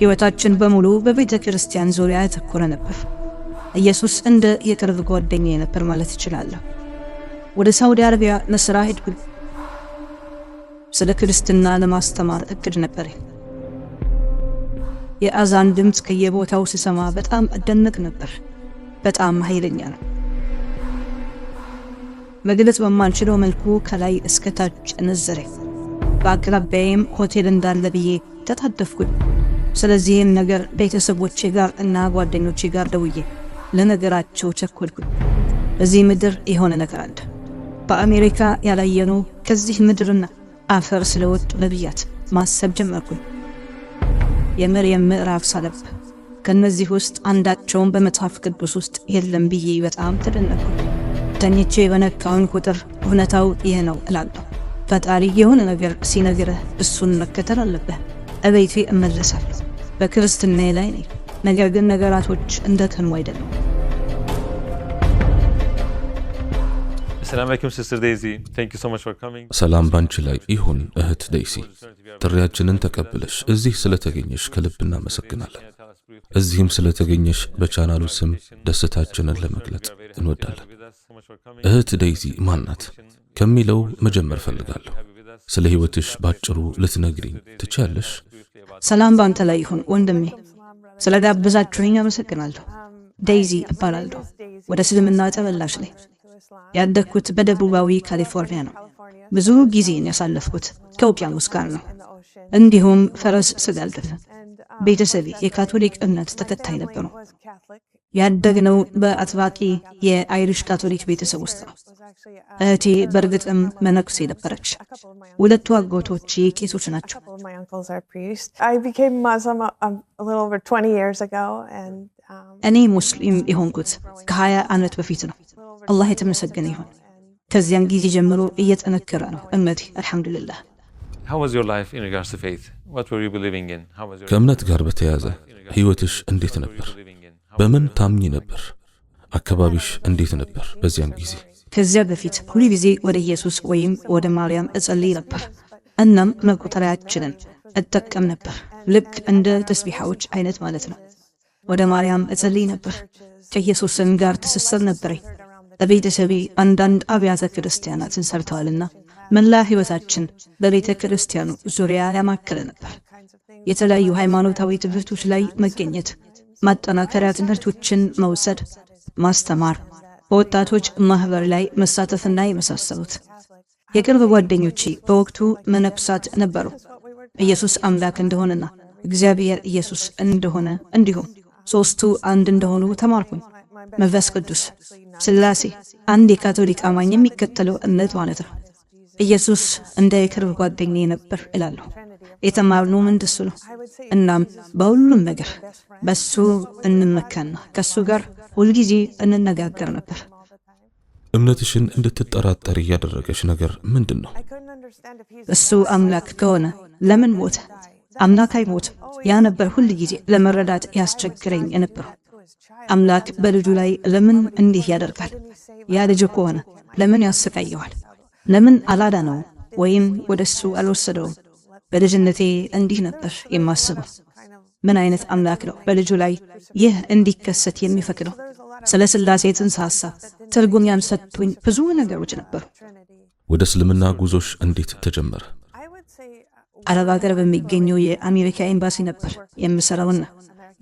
ሕይወታችን በሙሉ በቤተ ክርስቲያን ዙሪያ ያተኮረ ነበር። ኢየሱስ እንደ የቅርብ ጓደኛ ነበር ማለት እችላለሁ። ወደ ሳውዲ አረቢያ ለስራ ሄድኩ። ስለ ክርስትና ለማስተማር እቅድ ነበር። የአዛን ድምፅ ከየቦታው ስሰማ በጣም እደነቅ ነበር። በጣም ኃይለኛ ነው። መግለጽ በማንችለው መልኩ ከላይ እስከ ታች ነዘረ። በአቅራቢያዬም ሆቴል እንዳለ ብዬ ተጣደፍኩኝ። ስለዚህ ነገር ቤተሰቦቼ ጋር እና ጓደኞቼ ጋር ደውዬ ለነገራቸው ቸኮልኩ። በዚህ ምድር የሆነ ነገር አለ በአሜሪካ ያላየነው ከዚህ ምድርና አፈር ስለወጡ ነቢያት ማሰብ ጀመርኩኝ። የመርየም ምዕራፍ ሳለብ ከእነዚህ ውስጥ አንዳቸውን በመጽሐፍ ቅዱስ ውስጥ የለም ብዬ በጣም ተደነቅኩ። ተኝቼ በነካውን ቁጥር እውነታው ይህ ነው እላለሁ። ፈጣሪ የሆነ ነገር ሲነግረህ እሱን መከተል አለብህ። እቤቴ እመለሳለሁ። በክርስትና ላይ ነኝ። ነገር ግን ነገራቶች እንደተኑ አይደለም። ሰላም ባንቺ ላይ ይሁን እህት ደይሲ፣ ጥሪያችንን ተቀብለሽ እዚህ ስለተገኘሽ ከልብ እናመሰግናለን። እዚህም ስለተገኘሽ በቻናሉ ስም ደስታችንን ለመግለጽ እንወዳለን። እህት ደይዚ ማናት ከሚለው መጀመር ፈልጋለሁ። ስለ ሕይወትሽ ባጭሩ ልትነግሪኝ ትችያለሽ? ሰላም በአንተ ላይ ይሁን ወንድሜ። ስለ አመሰግናለሁ። ዴይዚ እባላለሁ። ወደ እስልምና ተመላሽ ላይ ያደግኩት በደቡባዊ ካሊፎርኒያ ነው። ብዙ ጊዜን ያሳለፍኩት ከውቅያኖስ ጋር ነው። እንዲሁም ፈረስ ስጋልፍ። ቤተሰቤ የካቶሊክ እምነት ተከታይ ነበሩ። ያደግነው በአጥባቂ የአይሪሽ ካቶሊክ ቤተሰብ ውስጥ ነው። እህቴ በእርግጥም መነኩሴ ነበረች። ሁለቱ አጎቶች ቄሶች ናቸው። እኔ ሙስሊም የሆንኩት ከሀያ ዓመት በፊት ነው። አላህ የተመሰገነ ይሁን። ከዚያን ጊዜ ጀምሮ እየጠነከረ ነው እምነቴ አልሐምዱልላህ። ከእምነት ጋር በተያያዘ ህይወትሽ እንዴት ነበር? በምን ታምኚ ነበር? አካባቢሽ እንዴት ነበር በዚያን ጊዜ? ከዚያ በፊት ሁሉ ጊዜ ወደ ኢየሱስ ወይም ወደ ማርያም እጸልይ ነበር። እናም መቆጠሪያችንን እጠቀም ነበር፣ ልክ እንደ ተስቢሓዎች አይነት ማለት ነው። ወደ ማርያም እጸልይ ነበር። ከኢየሱስን ጋር ትስስር ነበረኝ። በቤተሰቤ አንዳንድ አብያተ ክርስቲያናትን ሰርተዋልና መላ ሕይወታችን በቤተ ክርስቲያኑ ዙሪያ ያማከለ ነበር። የተለያዩ ሃይማኖታዊ ትምህርቶች ላይ መገኘት፣ ማጠናከሪያ ትምህርቶችን መውሰድ፣ ማስተማር በወጣቶች ማህበር ላይ መሳተፍና የመሳሰሉት። የቅርብ ጓደኞቼ በወቅቱ መነኩሳት ነበሩ። ኢየሱስ አምላክ እንደሆነና እግዚአብሔር ኢየሱስ እንደሆነ እንዲሁም ሦስቱ አንድ እንደሆኑ ተማርኩኝ። መንፈስ ቅዱስ፣ ስላሴ አንድ የካቶሊክ አማኝ የሚከተለው እምነት ማለት ነው። ኢየሱስ እንደ የቅርብ ጓደኛዬ ነበር እላለሁ። የተማርነው ምንድሱ ነው። እናም በሁሉም ነገር በሱ እንመካና ከሱ ጋር ሁልጊዜ እንነጋገር ነበር። እምነትሽን እንድትጠራጠር እያደረገች ነገር ምንድን ነው? እሱ አምላክ ከሆነ ለምን ሞተ? አምላክ አይሞትም። ያ ነበር ሁል ጊዜ ለመረዳት ያስቸግረኝ የነበረው። አምላክ በልጁ ላይ ለምን እንዲህ ያደርጋል? ያ ልጅ ከሆነ ለምን ያሰቃየዋል? ለምን አላዳነውም ወይም ወደ እሱ አልወሰደውም? በልጅነቴ እንዲህ ነበር የማስበው። ምን አይነት አምላክ ነው በልጁ ላይ ይህ እንዲከሰት የሚፈቅደው? ስለ ስላሴ ጽንሰ ሐሳብ ትርጉም ያንሰጡኝ ብዙ ነገሮች ነበሩ። ወደ እስልምና ጉዞሽ እንዴት ተጀመረ? አረብ ሀገር በሚገኘው የአሜሪካ ኤምባሲ ነበር የምሰራውና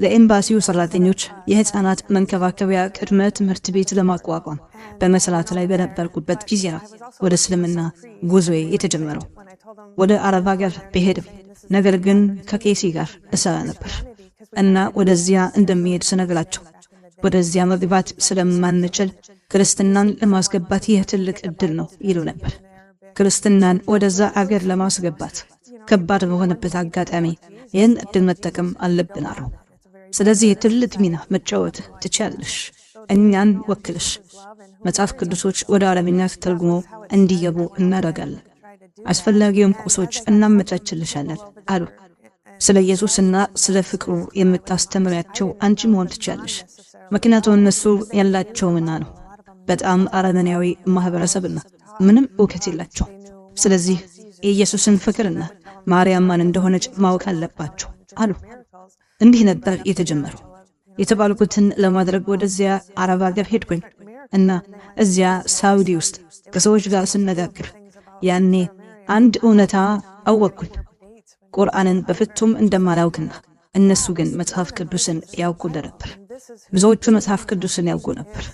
ለኤምባሲው ሰራተኞች የህፃናት መንከባከቢያ ቅድመ ትምህርት ቤት ለማቋቋም በመስራት ላይ በነበርኩበት ጊዜ ነው ወደ እስልምና ጉዞዬ የተጀመረው። ወደ አረብ ሀገር ብሄድም ነገር ግን ከቄሲ ጋር እሰራ ነበር እና ወደዚያ እንደሚሄድ ስነግራቸው ወደዚያ መግባት ስለማንችል ክርስትናን ለማስገባት ይህ ትልቅ እድል ነው ይሉ ነበር። ክርስትናን ወደዛ አገር ለማስገባት ከባድ በሆነበት አጋጣሚ ይህን እድል መጠቀም አለብን አሉ። ስለዚህ ትልቅ ሚና መጫወት ትችያለሽ፣ እኛን ወክልሽ። መጽሐፍ ቅዱሶች ወደ አረብኛ ተርጉሞ እንዲገቡ እናደርጋለን፣ አስፈላጊውም ቁሶች እናመቻችልሻለን አሉ። ስለ ኢየሱስና ስለ ፍቅሩ የምታስተምሪያቸው አንቺ መሆን ትችያለሽ። ምክንያቱም እነሱ ምና ነው። በጣም አረመኔያዊ ማህበረሰብና ምንም እውከት የላቸው። ስለዚህ የኢየሱስን ፍቅርና ማርያም ማን እንደሆነች ማወቅ አለባቸው አሉ። እንዲህ ነበር የተጀመረው። የተባልኩትን ለማድረግ ወደዚያ አረብ ሀገር ሄድኩኝ እና እዚያ ሳውዲ ውስጥ ከሰዎች ጋር ስነጋግር ያኔ አንድ እውነታ አወቅኩኝ፣ ቁርአንን በፍቱም እንደማላውቅና እነሱ ግን መጽሐፍ ቅዱስን ያውቁ እንደነበር ብዙዎቹ መጽሐፍ ቅዱስን ያውቁ ነበር።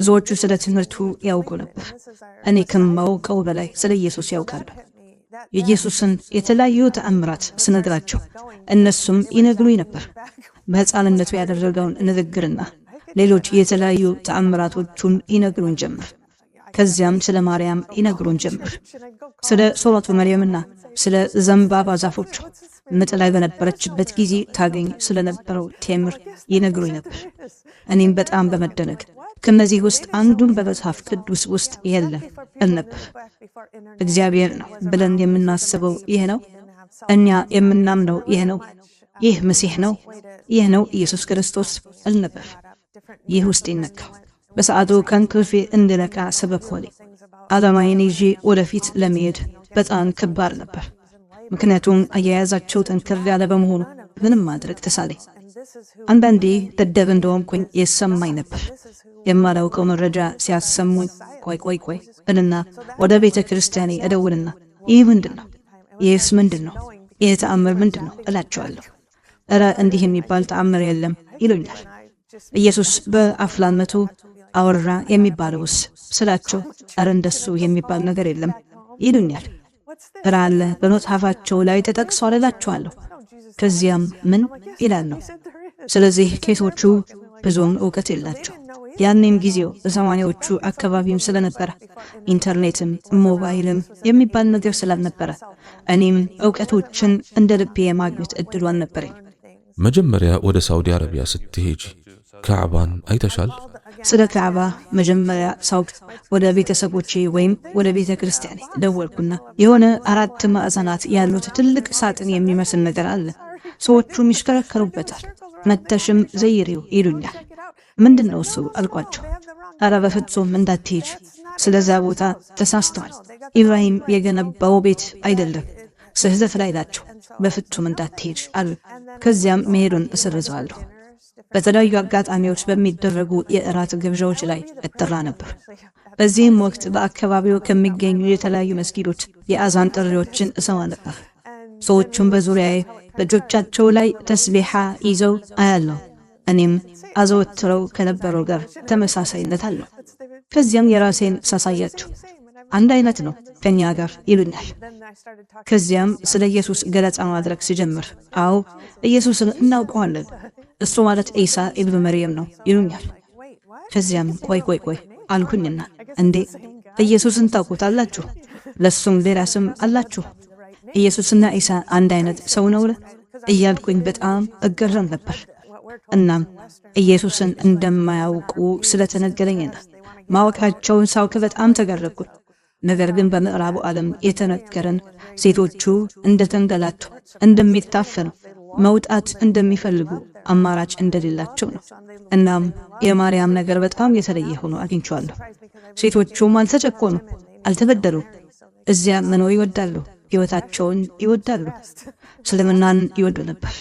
ብዙዎቹ ስለ ትምህርቱ ያውቁ ነበር። እኔ ከማውቀው በላይ ስለ ኢየሱስ ያውቃሉ። የኢየሱስን የተለያዩ ተአምራት ስነግራቸው እነሱም ይነግሩኝ ነበር። በሕፃንነቱ ያደረገውን ንግግርና ሌሎች የተለያዩ ተአምራቶቹን ይነግሩን ጀምር። ከዚያም ስለ ማርያም ይነግሩን ጀምር፣ ስለ ሱረቱ መርየምና ስለ ዘንባባ ዛፎቹ ምጥ ላይ በነበረችበት ጊዜ ታገኝ ስለነበረው ቴምር ይነግሩኝ ነበር። እኔም በጣም በመደነቅ ከእነዚህ ውስጥ አንዱን በመጽሐፍ ቅዱስ ውስጥ የለም ነበር። እግዚአብሔር ነው ብለን የምናስበው ይህ ነው። እኛ የምናምነው ይህ ነው። ይህ መሲሕ ነው፣ ይህ ነው ኢየሱስ ክርስቶስ አልነበር። ይህ ውስጥ ይነካው በሰዓቱ ከእንቅልፌ እንድነቃ ሰበብ ሆኔ አላማዬን ይዤ ወደፊት ለመሄድ በጣም ከባድ ነበር። ምክንያቱም አያያዛቸው ጠንከር ያለ በመሆኑ ምንም ማድረግ ተሳለኝ። አንዳንዴ ደደብ እንደሆንኩኝ የሰማኝ ነበር። የማላውቀው መረጃ ሲያሰሙኝ ቆይ ቆይ ቆይ እንና ወደ ቤተ ክርስቲያኔ እደውልና ይህ ምንድን ነው? ይህስ ምንድን ነው? ይህ ተአምር ምንድን ነው እላቸዋለሁ። እረ እንዲህ የሚባል ተአምር የለም ይሉኛል። ኢየሱስ መቶ አወራ የሚባለውስ ስላቸው፣ እረ እንደሱ የሚባል ነገር የለም ይሉኛል። ትራለ በመጽሐፋቸው ላይ ተጠቅሷል እላችኋለሁ። ከዚያም ምን ነው? ስለዚህ ኬቶቹ ብዙም እውቀት የላቸው። ያኔም ጊዜው ሰማንያዎቹ አካባቢም ስለነበረ ኢንተርኔትም ሞባይልም የሚባል ነገር ስላልነበረ እኔም እውቀቶችን እንደ ልቤ የማግኘት እድሉ አልነበረኝ። መጀመሪያ ወደ ሳውዲ አረቢያ ስትሄጂ ካዕባን አይተሻል? ስለ ካዕባ መጀመሪያ ሳውቅ ወደ ቤተሰቦቼ ወይም ወደ ቤተ ክርስቲያን ደወልኩና የሆነ አራት ማዕዘናት ያሉት ትልቅ ሳጥን የሚመስል ነገር አለ። ሰዎቹም ይሽከረከሩበታል። መተሽም ዘይሬው ይሉኛል። ምንድን ነው እሱ አልኳቸው። አረ በፍጹም እንዳትሄጅ፣ ስለዛ ቦታ ተሳስተዋል። ኢብራሂም የገነባው ቤት አይደለም ስህተት ላይ ናቸው። በፍጹም እንዳትሄድ አሉ። ከዚያም መሄዱን እሰርዘዋለሁ። በተለያዩ አጋጣሚዎች በሚደረጉ የእራት ግብዣዎች ላይ እጠራ ነበር። በዚህም ወቅት በአካባቢው ከሚገኙ የተለያዩ መስጊዶች የአዛን ጥሪዎችን እሰማ ነበር። ሰዎቹም በዙሪያዬ በእጆቻቸው ላይ ተስቢሓ ይዘው አያለሁ። እኔም አዘወትረው ከነበረው ጋር ተመሳሳይነት አለው። ከዚያም የራሴን ሳሳያቸው አንድ አይነት ነው ከኛ ጋር ይሉኛል። ከዚያም ስለ ኢየሱስ ገለጻ ማድረግ ሲጀምር፣ አዎ ኢየሱስን እናውቀዋለን እሱ ማለት ዒሳ ኢብኑ መርየም ነው ይሉኛል። ከዚያም ቆይ ቆይ ቆይ አልኩኝና እንዴ ኢየሱስን አላችሁ ለሱም ሌላ ስም አላችሁ? ኢየሱስና ዒሳ አንድ አይነት ሰው ነው እያልኩኝ በጣም እገረም ነበር። እናም ኢየሱስን እንደማያውቁ ስለተነገረኝና ማወቃቸውን ሳውክ በጣም ተገረኩ። ነገር ግን በምዕራቡ ዓለም የተነገረን ሴቶቹ እንደተንገላቱ እንደሚታፈኑ መውጣት እንደሚፈልጉ አማራጭ እንደሌላቸው ነው። እናም የማርያም ነገር በጣም የተለየ ሆኖ አግኝቸዋለሁ ሴቶቹም አልተጨቆኑ፣ አልተበደሉ፣ እዚያ መኖር ይወዳሉ፣ ህይወታቸውን ይወዳሉ፣ እስልምናን ይወዱ ነበር።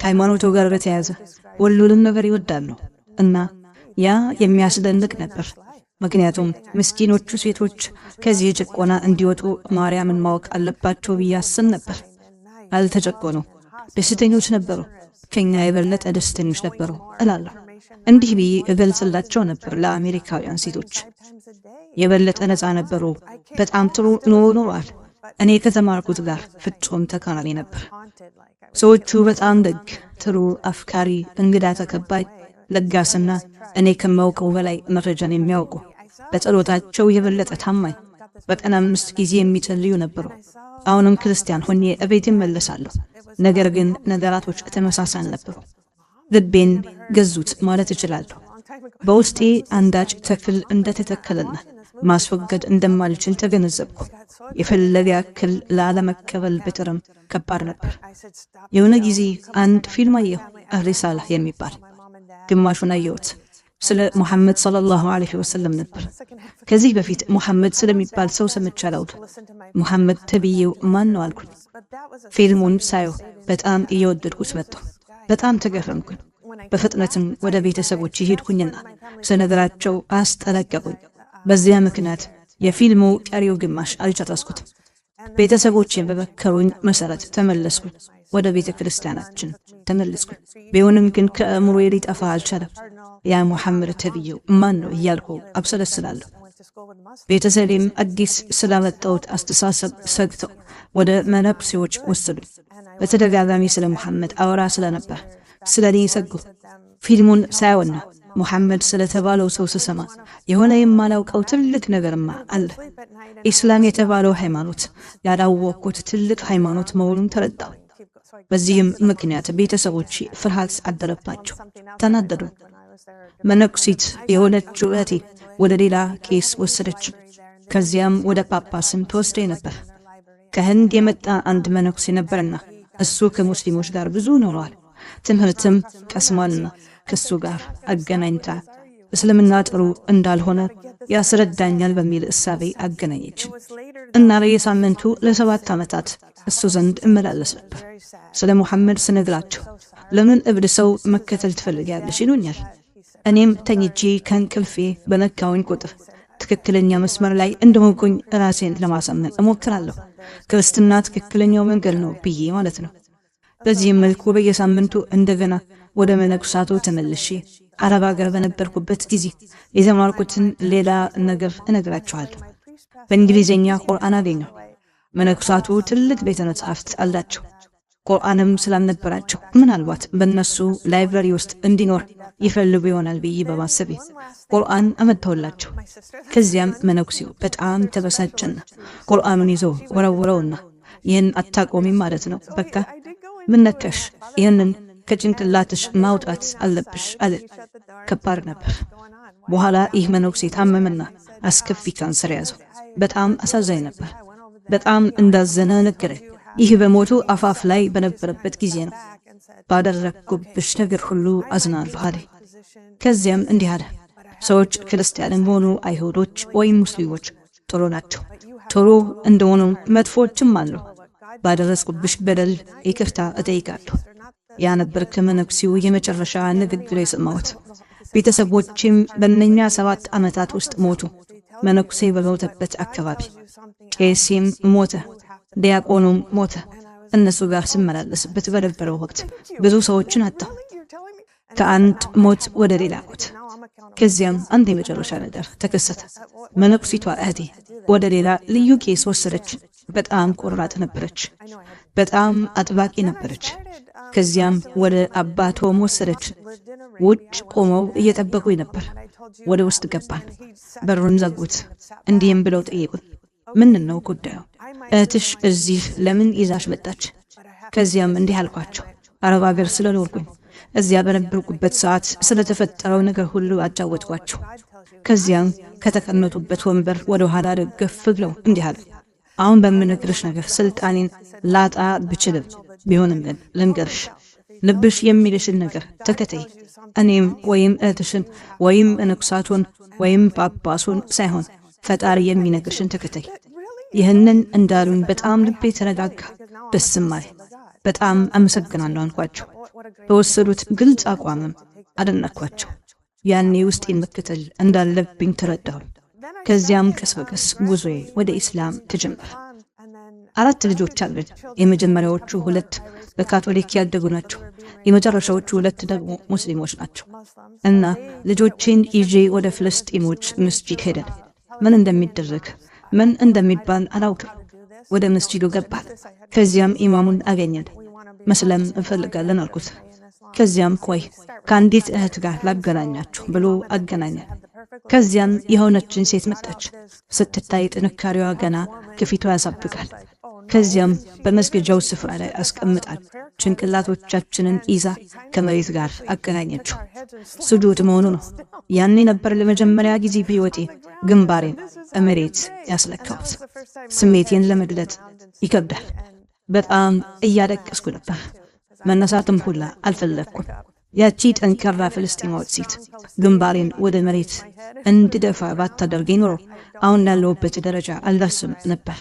ከሃይማኖቱ ጋር በተያያዘ ሁሉንም ነገር ይወዳሉ እና ያ የሚያስደንቅ ነበር። ምክንያቱም ምስኪኖቹ ሴቶች ከዚህ ጭቆና እንዲወጡ ማርያምን ማወቅ አለባቸው ብዬ አስብ ነበር። አልተጨቆኑ ደስተኞች ነበሩ፣ ከኛ የበለጠ ደስተኞች ነበሩ እላለሁ። እንዲህ ብዬ እገልጽላቸው ነበር ለአሜሪካውያን ሴቶች። የበለጠ ነፃ ነበሩ፣ በጣም ጥሩ ኑሮ ኖሯል። እኔ ከተማርኩት ጋር ፍጹም ተቃራኒ ነበር። ሰዎቹ በጣም ደግ፣ ጥሩ፣ አፍካሪ እንግዳ ተከባይ፣ ለጋስና እኔ ከማውቀው በላይ መረጃን የሚያውቁ በጸሎታቸው የበለጠ ታማኝ፣ በቀን አምስት ጊዜ የሚጸልዩ ነበሩ። አሁንም ክርስቲያን ሆኜ እቤት እመለሳለሁ። ነገር ግን ነገራቶች ተመሳሳይ ነበሩ። ልቤን ገዙት ማለት እችላለሁ። በውስጤ አንዳች ተክል እንደተተከለና ማስወገድ እንደማልችል ተገነዘብኩ። የፈለገ ያክል ላለመቀበል ብጥርም ከባድ ነበር። የሆነ ጊዜ አንድ ፊልም አየሁ፣ ሪሳላ የሚባል ግማሹን አየሁት። ስለ ሙሐመድ ሰለላሁ ዓለይሂ ወሰለም ነበር። ከዚህ በፊት ሙሐመድ ስለሚባል ሰው ሰምቼ አላውቅም። ሙሐመድ ተብዬው ማን ነው አልኩኝ። ፊልሙን ሳየው በጣም እየወደድኩት መጣሁ። በጣም ተገረምኩኝ። በፍጥነትም ወደ ቤተሰቦች ሄድኩኝና ስነግራቸው አስጠነቀቁኝ። በዚያ ምክንያት የፊልሙ ቀሪው ግማሽ አልጨረስኩትም። ቤተሰቦቼን በመከሩኝ መሰረት ተመለስኩኝ። ወደ ቤተ ክርስቲያናችን ተመልስኩ። ቢሆንም ግን ከእምሮ ሊጠፋ አልቻለም። ያ ሙሐመድ ተብዬው ማን ነው እያልኩ አብሰለስላለሁ። ቤተሰቤም አዲስ ስላመጣሁት አስተሳሰብ ሰግተው ወደ መነኩሴዎች ወሰዱ። በተደጋጋሚ ስለ ሙሐመድ አወራ ስለነበር ስለ እኔ ሰጉ። ፊልሙን ሳያወና ሙሐመድ ስለተባለው ሰው ስሰማ የሆነ የማላውቀው ትልቅ ነገርማ አለ። ኢስላም የተባለው ሃይማኖት ያላወቅኩት ትልቅ ሃይማኖት መሆኑን ተረዳሁ። በዚህም ምክንያት ቤተሰቦች ፍርሃት አደረባቸው፣ ተናደዱ። መነኩሲት የሆነችው እህቴ ወደ ሌላ ቄስ ወሰደች። ከዚያም ወደ ጳጳስም ተወስደኝ ነበር። ከህንድ የመጣ አንድ መነኩሴ ነበርና እሱ ከሙስሊሞች ጋር ብዙ ኖሯል፣ ትምህርትም ቀስሟልና ከሱ ጋር አገናኝታ እስልምና ጥሩ እንዳልሆነ ያስረዳኛል በሚል እሳቤ አገናኘች እና በየሳምንቱ ለሰባት ዓመታት እሱ ዘንድ እመላለስ ነበር። ስለ ሙሐመድ ስነግራቸው ለምን እብድ ሰው መከተል ትፈልጊያለሽ ይሉኛል። እኔም ተኝቼ ከእንቅልፌ በነካውኝ ቁጥር ትክክለኛ መስመር ላይ እንደመጎኝ ራሴን ለማሳመን እሞክራለሁ። ክርስትና ትክክለኛው መንገድ ነው ብዬ ማለት ነው። በዚህም መልኩ በየሳምንቱ እንደገና ወደ መነኩሳቱ ተመልሼ አረብ ሀገር በነበርኩበት ጊዜ የተማርኩትን ሌላ ነገር እነግራችኋለሁ። በእንግሊዝኛ ቁርአን አገኘሁ። መነኩሳቱ ትልቅ ቤተ መጽሐፍት አላቸው። ቁርአንም ስላልነበራቸው ምናልባት በእነሱ ላይብራሪ ውስጥ እንዲኖር ይፈልጉ ይሆናል ብዬ በማሰቤ ቁርአን አመጥተውላቸው፣ ከዚያም መነኩሴው በጣም ተበሳጨና ቁርአኑን ይዞ ወረውረውና ይህን አታቆሚም ማለት ነው በቃ ምነከሽ ይህንን ከጭንቅላትሽ ማውጣት አለብሽ አለ። ከባድ ነበር። በኋላ ይህ መነኩሴ ታመመና አስከፊ ካንሰር ያዘው። በጣም አሳዛኝ ነበር። በጣም እንዳዘነ ነገረ። ይህ በሞቱ አፋፍ ላይ በነበረበት ጊዜ ነው። ባደረግኩብሽ ነገር ሁሉ አዝናለሁ አለ። ከዚያም እንዲህ አለ፣ ሰዎች ክርስቲያንም ሆኑ አይሁዶች ወይም ሙስሊሞች ጥሩ ናቸው። ጥሩ እንደሆኑ መጥፎችም አሉ። ባደረስኩብሽ በደል ይቅርታ እጠይቃለሁ። ያነበር መነኩሴው የመጨረሻ ንግግር የሰማሁት። ቤተሰቦችም በእነኛ ሰባት ዓመታት ውስጥ ሞቱ። መነኩሴ በሞተበት አካባቢ ቄሴም ሞተ፣ ዲያቆኑም ሞተ። እነሱ ጋር ስመላለስበት በነበረው ወቅት ብዙ ሰዎችን አጣሁ። ከአንድ ሞት ወደ ሌላ ሞት። ከዚያም አንድ የመጨረሻ ነገር ተከሰተ። መነኩሲቷ እህቴ ወደ ሌላ ልዩ ቄስ ወሰደች። በጣም ቆራጥ ነበረች። በጣም አጥባቂ ነበረች። ከዚያም ወደ አባቶ ወሰደች። ውጭ ቆመው እየጠበቁ ነበር። ወደ ውስጥ ገባን፣ በሩን ዘጉት። እንዲህም ብለው ጠየቁን፣ ምንድን ነው ጉዳዩ? እህትሽ እዚህ ለምን ይዛሽ መጣች? ከዚያም እንዲህ አልኳቸው፣ አረብ አገር ስለኖርኩኝ እዚያ በነበርኩበት ሰዓት ስለተፈጠረው ነገር ሁሉ አጫወጥኳቸው። ከዚያም ከተቀመጡበት ወንበር ወደ ኋላ ደገፍ ብለው እንዲህ አሉ። አሁን በምነግርሽ ነገር ስልጣኔን ላጣ ብችልም ቢሆንም ግን ልንገርሽ፣ ልብሽ የሚልሽን ነገር ተከተይ። እኔም ወይም እህትሽን ወይም እንኩሳቱን ወይም ጳጳሱን ሳይሆን ፈጣሪ የሚነግርሽን ተከተይ። ይህንን እንዳሉኝ በጣም ልቤ ተረጋጋ፣ ደስም አለ። በጣም አመሰግናለሁ አልኳቸው። በወሰዱት ግልጽ አቋምም አደነኳቸው። ያኔ ውስጤን መከተል እንዳለብኝ ተረዳሁ። ከዚያም ቀስ በቀስ ጉዞዬ ወደ ኢስላም ተጀመረ። አራት ልጆች አሉኝ። የመጀመሪያዎቹ ሁለት በካቶሊክ ያደጉ ናቸው። የመጨረሻዎቹ ሁለት ደግሞ ሙስሊሞች ናቸው እና ልጆቼን ይዤ ወደ ፍልስጢሞች መስጂድ ሄደን ምን እንደሚደረግ ምን እንደሚባል አላውቅም። ወደ መስጂዱ ገባል። ከዚያም ኢማሙን አገኘን። መስለም እንፈልጋለን አልኩት። ከዚያም ቆይ ከአንዲት እህት ጋር ላገናኛችሁ ብሎ አገናኛል። ከዚያም የሆነችን ሴት መጣች። ስትታይ ጥንካሬዋ ገና ግፊቷ ያሳብቃል። ከዚያም በመስገጃው ስፍራ ላይ አስቀምጣል ጭንቅላቶቻችንን ይዛ ከመሬት ጋር አገናኘችው። ስጁድ መሆኑ ነው። ያኔ ነበር ለመጀመሪያ ጊዜ በሕይወቴ ግንባሬን እመሬት ያስለካሁት። ስሜቴን ለመግለጥ ይከብዳል። በጣም እያለቀስኩ ነበር። መነሳትም ሁላ አልፈለግኩም። ያቺ ጠንካራ ፍልስጤማዊት ሴት ግንባሬን ወደ መሬት እንድደፋ ባታደርገኝ ኖሮ አሁን ያለሁበት ደረጃ አልደርስም ነበር።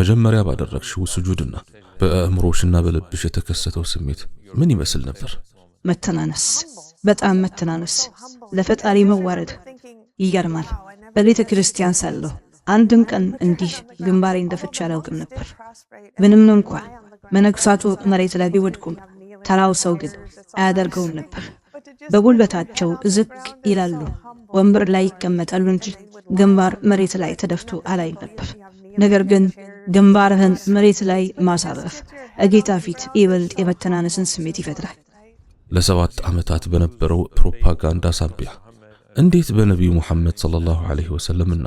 መጀመሪያ ባደረግሽው ስጁድና በአእምሮሽና በልብሽ የተከሰተው ስሜት ምን ይመስል ነበር? መተናነስ፣ በጣም መተናነስ፣ ለፈጣሪ መዋረድ። ይገርማል። በቤተ ክርስቲያን ሳለሁ አንድም ቀን እንዲህ ግንባሬን ደፍቼ አላውቅም ነበር። ምንም እንኳ መነኩሳቱ መሬት ላይ ቢወድቁም ተራው ሰው ግን አያደርገውም ነበር። በጉልበታቸው ዝቅ ይላሉ፣ ወንበር ላይ ይቀመጣሉ እንጂ ግንባር መሬት ላይ ተደፍቶ አላይም ነበር። ነገር ግን ግንባርህን መሬት ላይ ማሳረፍ እጌታ ፊት ይበልጥ የመተናነስን ስሜት ይፈጥራል። ለሰባት ዓመታት በነበረው ፕሮፓጋንዳ ሳቢያ እንዴት በነቢዩ ሙሐመድ ሰለላሁ ዐለይሂ ወሰለምና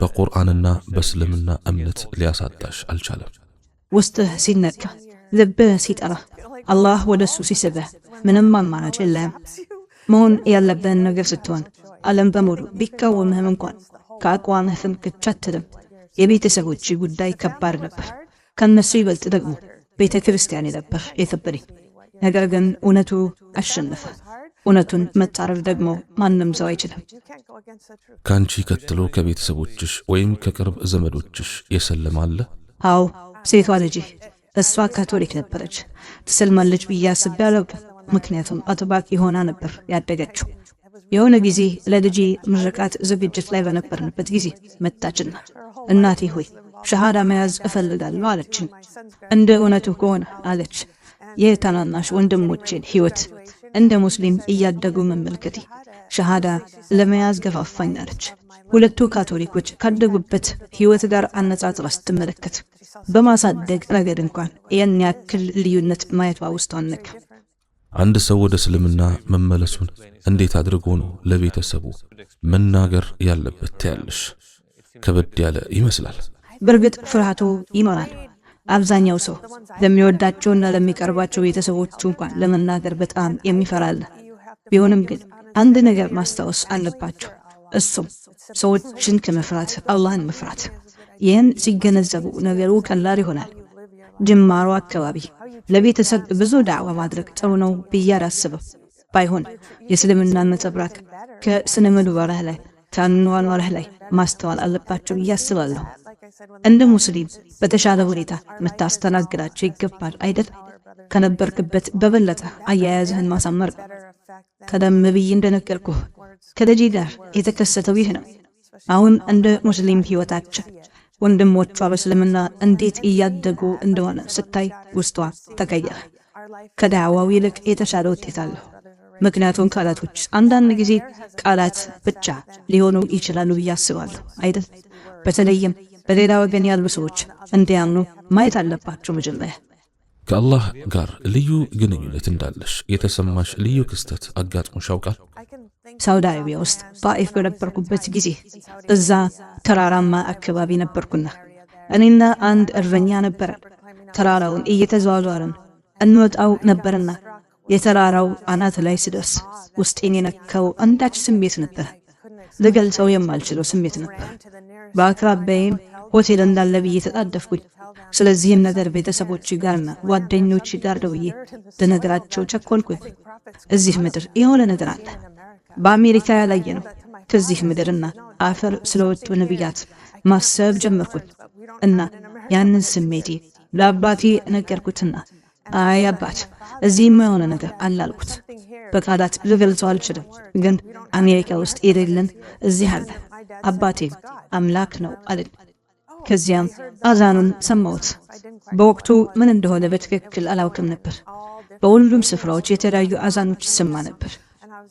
በቁርአንና በእስልምና እምነት ሊያሳጣሽ አልቻለም? ውስጥህ ሲነካ ልብህ ሲጠራ አላህ ወደ እሱ ሲስብህ ምንም አማራጭ የለም። መሆን ያለብህን ነገር ስትሆን ዓለም በሙሉ ቢቃወምህም እንኳን ከአቋምህ ክቻትልም። የቤተሰቦች ጉዳይ ከባድ ነበር። ከነሱ ይበልጥ ደግሞ ቤተ ክርስቲያን ነበር የከበደኝ። ነገር ግን እውነቱ አሸነፈ። እውነቱን መጣረር ደግሞ ማንም ሰው አይችልም። ከአንቺ ከትሎ ከቤተሰቦችሽ ወይም ከቅርብ ዘመዶችሽ የሰለማለ? አዎ ሴቷ ልጅህ እሷ ካቶሊክ ነበረች። ትሰልማለች ብዬ አስቤ አላውቅም። ምክንያቱም አጥባቂ ሆና ነበር ያደገችው። የሆነ ጊዜ ለልጄ ምርቃት ዝግጅት ላይ በነበርንበት ጊዜ መጣችና እናቴ ሆይ ሸሃዳ መያዝ እፈልጋለሁ አለችኝ። እንደ እውነቱ ከሆነ አለች የታናናሽ ወንድሞቼን ሕይወት እንደ ሙስሊም እያደጉ መመልከቴ ሸሃዳ ለመያዝ ገፋፋኝ አለች። ሁለቱ ካቶሊኮች ካደጉበት ህይወት ጋር አነጻጽራ ስትመለከት በማሳደግ ረገድ እንኳን ያን ያክል ልዩነት ማየቷ ውስጥ አነቀ። አንድ ሰው ወደ እስልምና መመለሱን እንዴት አድርጎ ነው ለቤተሰቡ መናገር ያለበት ትያለሽ? ከበድ ያለ ይመስላል። በእርግጥ ፍርሃቱ ይመራል። አብዛኛው ሰው ለሚወዳቸውና ለሚቀርባቸው ቤተሰቦቹ እንኳን ለመናገር በጣም የሚፈራል። ቢሆንም ግን አንድ ነገር ማስታወስ አለባቸው እሱም ሰዎችን ከመፍራት አላህን መፍራት። ይህን ሲገነዘቡ ነገሩ ቀላል ይሆናል። ጅማሮ አካባቢ ለቤተሰብ ብዙ ዳዕዋ ማድረግ ጥሩ ነው ብዬ አላስብም። ባይሆን የእስልምናን ነጸብራቅ ከስነ ምግባርህ ላይ ከአኗኗርህ ላይ ማስተዋል አለባቸው ብዬ አስባለሁ። እንደ ሙስሊም በተሻለ ሁኔታ መታስተናግዳቸው ይገባል አይደል? ከነበርክበት በበለጠ አያያዝህን ማሳመር ቀደም ብዬ እንደነገርኩህ ከደጄ ጋር የተከሰተው ይህ ነው። አሁን እንደ ሙስሊም ህይወታችን ወንድሞቿ በእስልምና እንዴት እያደጉ እንደሆነ ስታይ ውስጧ ተቀየረ። ከዳዕዋው ይልቅ የተሻለ ውጤት አለሁ። ምክንያቱም ቃላቶች አንዳንድ ጊዜ ቃላት ብቻ ሊሆኑ ይችላሉ ብዬ አስባለሁ አይደል? በተለይም በሌላ ወገን ያሉ ሰዎች እንዲያምኑ ማየት አለባቸው። መጀመሪያ ከአላህ ጋር ልዩ ግንኙነት እንዳለሽ የተሰማሽ ልዩ ክስተት አጋጥሞሽ ያውቃል? ሳውዲ አረቢያ ውስጥ ጣኢፍ በነበርኩበት ጊዜ እዛ ተራራማ አካባቢ ነበርኩና እኔና አንድ እረኛ ነበረን። ተራራውን እየተዘዋዟርን እንወጣው ነበርና የተራራው አናት ላይ ስደርስ ውስጤን የነካው አንዳች ስሜት ነበር። ልገልጸው የማልችለው ስሜት ነበር። በአቅራቢያዬም ሆቴል እንዳለ ብዬ ተጣደፍኩኝ። ስለዚህም ነገር ቤተሰቦች ጋርና ጓደኞች ጋር ደውዬ ልነግራቸው ቸኮልኩኝ። እዚህ ምድር የሆነ ነገር አለ በአሜሪካ ያላየ ነው። ከዚህ ምድርና አፈር ስለወጡ ነቢያት ማሰብ ጀመርኩት እና ያንን ስሜቴ ለአባቴ ነገርኩትና አይ አባት፣ እዚህ የሆነ ነገር አላልኩት። በቃላት ልገልጸው አልችልም፣ ግን አሜሪካ ውስጥ የሌለን እዚህ አለ። አባቴ አምላክ ነው አለን። ከዚያም አዛኑን ሰማሁት። በወቅቱ ምን እንደሆነ በትክክል አላውቅም ነበር። በሁሉም ስፍራዎች የተለያዩ አዛኖች ይሰማ ነበር።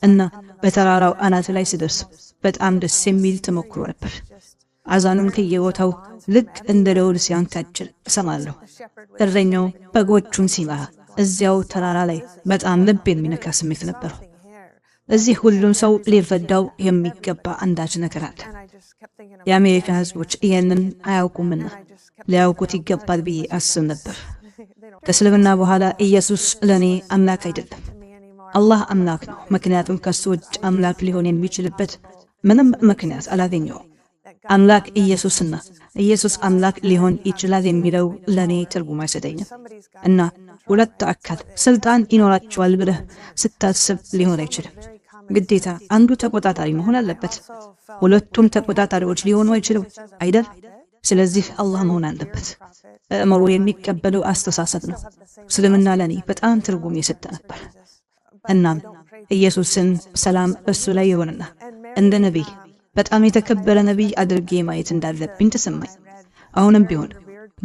እና በተራራው አናት ላይ ስደርስ በጣም ደስ የሚል ተሞክሮ ነበር። አዛኑን ከየቦታው ልክ እንደ ደውል ሲያንታጭር እሰማለሁ። እረኛው በጎቹን ሲመራ እዚያው ተራራ ላይ በጣም ልብ የሚነካ ስሜት ነበረው። እዚህ ሁሉም ሰው ሊረዳው የሚገባ አንዳች ነገር አለ። የአሜሪካ ሕዝቦች ይህንን አያውቁምና ሊያውቁት ይገባል ብዬ አስብ ነበር። ከእስልምና በኋላ ኢየሱስ ለእኔ አምላክ አይደለም። አላህ አምላክ ነው። ምክንያቱም ከሱ ውጭ አምላክ ሊሆን የሚችልበት ምንም ምክንያት አላገኘው። አምላክ ኢየሱስና ኢየሱስ አምላክ ሊሆን ይችላል የሚለው ለእኔ ትርጉም አይሰጠኝም። እና ሁለት አካል ስልጣን ይኖራቸዋል ብለህ ስታስብ ሊሆን አይችልም። ግዴታ አንዱ ተቆጣጣሪ መሆን አለበት። ሁለቱም ተቆጣጣሪዎች ሊሆኑ አይችልም አይደል? ስለዚህ አላህ መሆን አለበት። እምሮ የሚቀበለው አስተሳሰብ ነው። እስልምና ለእኔ በጣም ትርጉም የሰጠ ነበር። እናም ኢየሱስን ሰላም እሱ ላይ ይሆንና እንደ ነቢይ በጣም የተከበረ ነቢይ አድርጌ ማየት እንዳለብኝ ተሰማኝ። አሁንም ቢሆን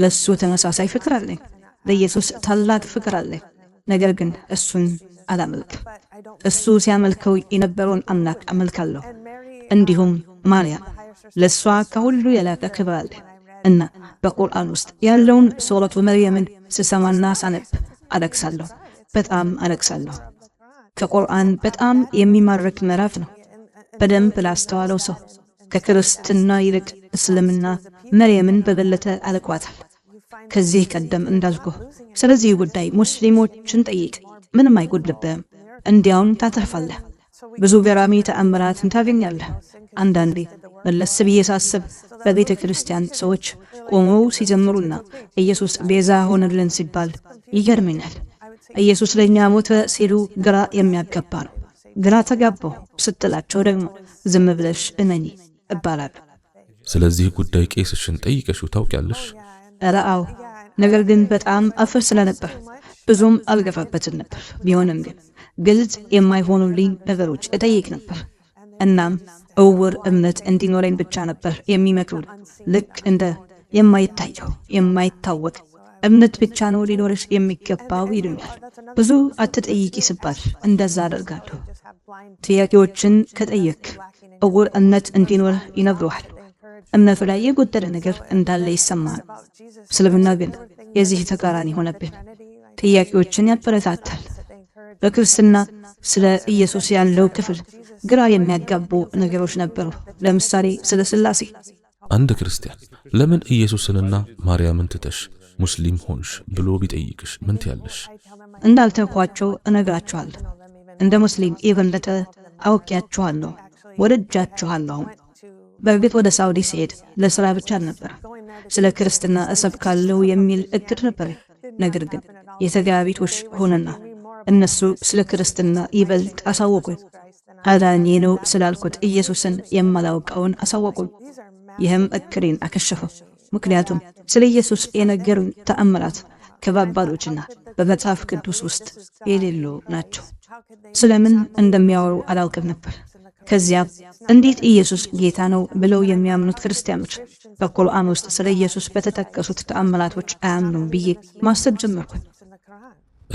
ለእሱ ተመሳሳይ ፍቅር አለኝ። ለኢየሱስ ታላቅ ፍቅር አለኝ። ነገር ግን እሱን አላመልክ እሱ ሲያመልከው የነበረውን አምላክ አመልካለሁ። እንዲሁም ማርያም ለእሷ ከሁሉ የላቀ ክብር አለ እና በቁርአን ውስጥ ያለውን ሱረቱ መርየምን ስሰማና ሳነብ አለቅሳለሁ፣ በጣም አለቅሳለሁ። ከቁርአን በጣም የሚማርክ ምዕራፍ ነው። በደንብ ላስተዋለው ሰው ከክርስትና ይልቅ እስልምና መርየምን በበለጠ አልቋታል። ከዚህ ቀደም እንዳልኩ ስለዚህ ጉዳይ ሙስሊሞችን ጠይቅ፣ ምንም አይጎድልብህም። እንዲያውም ታተርፋለህ። ብዙ ገራሚ ተአምራትን ታገኛለህ። አንዳንዴ መለስ ብዬ ሳስብ በቤተ ክርስቲያን ሰዎች ቆመው ሲዘምሩና ኢየሱስ ቤዛ ሆነልን ሲባል ይገርመኛል። ኢየሱስ ለእኛ ሞተ ሲሉ ግራ የሚያጋባ ነው። ግራ ተጋባሁ ስትላቸው ደግሞ ዝም ብለሽ እመኚ እባላለሁ። ስለዚህ ጉዳይ ቄስሽን ጠይቀሽው ታውቂያለሽ? ኧረ አዎ። ነገር ግን በጣም አፈር ስለነበር ብዙም አልገፋበትን ነበር። ቢሆንም ግን ግልጽ የማይሆኑልኝ ነገሮች እጠይቅ ነበር። እናም እውር እምነት እንዲኖረኝ ብቻ ነበር የሚመክሩን ልክ እንደ የማይታየው የማይታወቅ እምነት ብቻ ነው ሊኖርሽ የሚገባው ይሉኛል። ብዙ አትጠይቂ ስባል እንደዛ አደርጋለሁ። ጥያቄዎችን ከጠየክ እውር እምነት እንዲኖርህ ይነግረዋል። እምነቱ ላይ የጎደለ ነገር እንዳለ ይሰማል። እስልምና ግን የዚህ ተቃራኒ ሆነብን። ጥያቄዎችን ያበረታታል። በክርስትና ስለ ኢየሱስ ያለው ክፍል ግራ የሚያጋቡ ነገሮች ነበሩ። ለምሳሌ ስለ ስላሴ አንድ ክርስቲያን ለምን ኢየሱስንና ማርያምን ትተሽ ሙስሊም ሆንሽ ብሎ ቢጠይቅሽ ምን ትያለሽ? እንዳልተኳቸው እነግራችኋለሁ። እንደ ሙስሊም የበለጠ አውቄያችኋለሁ፣ ወደጃችኋለሁ። በእርግጥ ወደ ሳውዲ ሲሄድ ለሥራ ብቻ ነበር። ስለ ክርስትና እሰብካለሁ የሚል እቅድ ነበር። ነገር ግን የተጋቢቶች ሆነና እነሱ ስለ ክርስትና ይበልጥ አሳወቁኝ። አዳኜ ነው ስላልኩት ኢየሱስን የማላውቀውን አሳወቁኝ። ይህም እቅዴን አከሸፈው። ምክንያቱም ስለ ኢየሱስ የነገሩኝ ተአምራት ከባባዶችና በመጽሐፍ ቅዱስ ውስጥ የሌሉ ናቸው። ስለምን እንደሚያወሩ አላውቅም ነበር። ከዚያም እንዴት ኢየሱስ ጌታ ነው ብለው የሚያምኑት ክርስቲያኖች በቁርአን ውስጥ ስለ ኢየሱስ በተጠቀሱት ተአምራቶች አያምኑም ብዬ ማሰብ ጀመርኩኝ።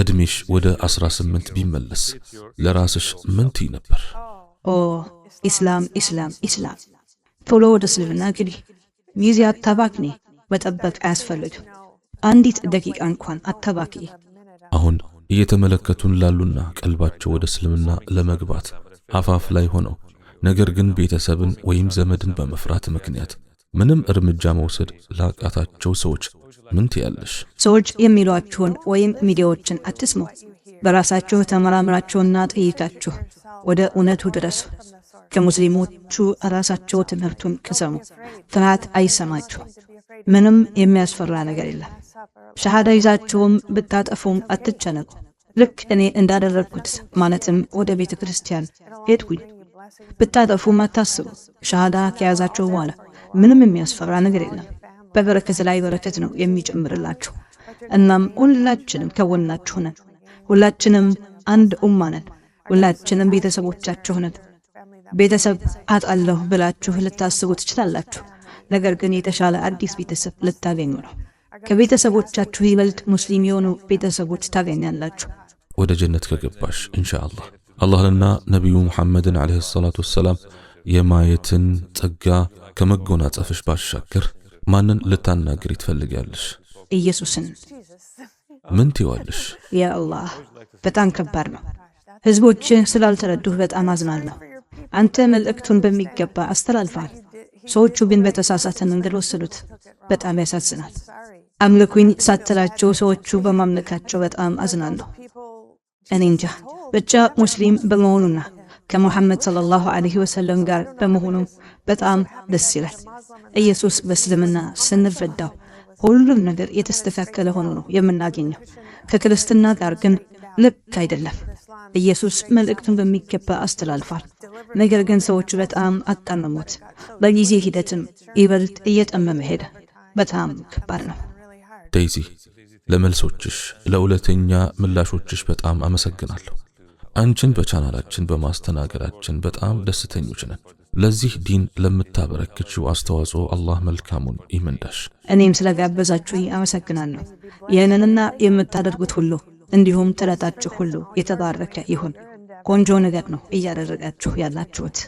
እድሜሽ ወደ 18 ቢመለስ ለራስሽ ምን ትይ ነበር? ኦ ኢስላም ኢስላም ኢስላም ቶሎ ወደ እስልምና ግዲ ጊዜ አታባክኒ፣ መጠበቅ አያስፈልግ፣ አንዲት ደቂቃ እንኳን አታባክኒ። አሁን እየተመለከቱን ላሉና ቀልባቸው ወደ እስልምና ለመግባት አፋፍ ላይ ሆነው ነገር ግን ቤተሰብን ወይም ዘመድን በመፍራት ምክንያት ምንም እርምጃ መውሰድ ላቃታቸው ሰዎች ምን ትያለሽ? ሰዎች የሚሏችሁን ወይም ሚዲያዎችን አትስሙ። በራሳችሁ ተመራምራችሁና ጠይቃችሁ ወደ እውነቱ ድረሱ። ከሙስሊሞቹ ራሳቸው ትምህርቱን ቅሰሙ። ፍርሃት አይሰማችሁ። ምንም የሚያስፈራ ነገር የለም። ሸሃዳ ይዛችሁም ብታጠፉም አትቸነቁ ልክ እኔ እንዳደረግኩት ማለትም ወደ ቤተ ክርስቲያን ሄድኩኝ። ብታጠፉም አታስቡ። ሸሃዳ ከያዛቸው በኋላ ምንም የሚያስፈራ ነገር የለም። በበረከት ላይ በረከት ነው የሚጨምርላችሁ። እናም ሁላችንም ከወናችሁ ነን። ሁላችንም አንድ ኡማ ነን። ሁላችንም ቤተሰቦቻችሁ ነን። ቤተሰብ አጣለሁ ብላችሁ ልታስቡ ትችላላችሁ። ነገር ግን የተሻለ አዲስ ቤተሰብ ልታገኙ ነው። ከቤተሰቦቻችሁ ይበልጥ ሙስሊም የሆኑ ቤተሰቦች ታገኛላችሁ። ወደ ጀነት ከገባሽ እንሻ አላህ አላህንና ነቢዩ ሙሐመድን ዓለይሂ ሰላቱ ወሰላም የማየትን ጸጋ ከመጎናጸፍሽ ባሻገር ማንን ልታናግሪ ትፈልጊያለሽ? ኢየሱስን። ምን ትይዋለሽ? ያ አላህ፣ በጣም ከባድ ነው። ህዝቦች ስላልተረዱህ በጣም አዝናለሁ። አንተ መልእክቱን በሚገባ አስተላልፋል ሰዎቹ ግን በተሳሳተ መንገድ ወሰዱት። በጣም ያሳዝናል። አምልኩኝ ሳትላቸው ሰዎቹ በማምለካቸው በጣም አዝናለሁ። እኔ እንጃ ብቻ ሙስሊም በመሆኑና ከሙሐመድ ሰለላሁ ዐለይሂ ወሰለም ጋር በመሆኑ በጣም ደስ ይላል። ኢየሱስ በእስልምና ስንረዳው ሁሉም ነገር የተስተካከለ ሆኖ ነው የምናገኘው። ከክርስትና ጋር ግን ልክ አይደለም። ኢየሱስ መልእክቱን በሚገባ አስተላልፏል። ነገር ግን ሰዎቹ በጣም አጣመሙት። በጊዜ ሂደትም ይበልጥ እየጠመመ ሄደ። በጣም ከባድ ነው። ዴይዚ፣ ለመልሶችሽ፣ ለሁለተኛ ምላሾችሽ በጣም አመሰግናለሁ። አንቺን በቻናላችን በማስተናገዳችን በጣም ደስተኞች ነን። ለዚህ ዲን ለምታበረክችው አስተዋጽኦ አላህ መልካሙን ይምንዳሽ እኔም ስለጋበዛችሁ አመሰግናለሁ። ይህንንና የምታደርጉት ሁሉ እንዲሁም ጥረታችሁ ሁሉ የተባረከ ይሁን። ቆንጆ ነገር ነው እያደረጋችሁ ያላችሁት።